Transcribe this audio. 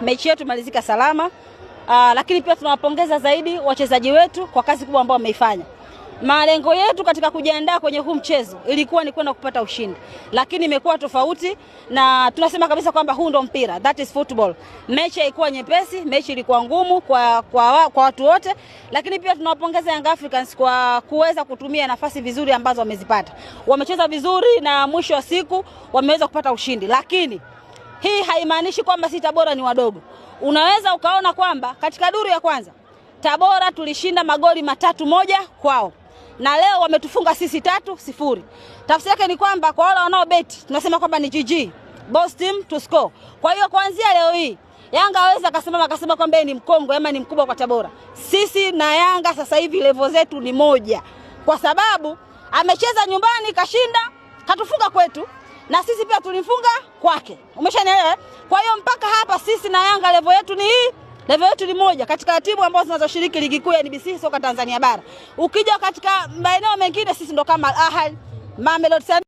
Mechi yetu imalizika salama. Aa, ah, lakini pia tunawapongeza zaidi wachezaji wetu kwa kazi kubwa ambayo wameifanya. Malengo yetu katika kujiandaa kwenye huu mchezo ilikuwa ni kwenda kupata ushindi, lakini imekuwa tofauti, na tunasema kabisa kwamba huu ndo mpira, that is football. Mechi haikuwa nyepesi, mechi ilikuwa ngumu kwa, kwa, kwa watu wote, lakini pia tunawapongeza Young Africans kwa kuweza kutumia nafasi vizuri ambazo wamezipata. Wamecheza vizuri na mwisho wa siku wameweza kupata ushindi, lakini hii haimaanishi kwamba si Tabora ni wadogo. Unaweza ukaona kwamba katika duru ya kwanza Tabora tulishinda magoli matatu moja kwao na leo wametufunga sisi tatu sifuri. Tafsiri yake ni kwamba kwa wale wanaobeti tunasema kwamba ni GG, boss team to score. Kwa hiyo kuanzia leo hii Yanga aweza akasimama akasema kwamba ni mkongwe ama ni mkubwa kwa Tabora. Sisi na Yanga sasa hivi levo zetu ni moja, kwa sababu amecheza nyumbani kashinda, katufunga kwetu, na sisi pia tulifunga kwake, umeshanielewa? Eh? Kwa hiyo mpaka hapa sisi na Yanga levo yetu ni hii, levo yetu ni moja katika timu ambazo zinazoshiriki ligi kuu ya NBC soka Tanzania bara. Ukija katika maeneo mengine sisi ndo kama Al Ahly, Mamelodi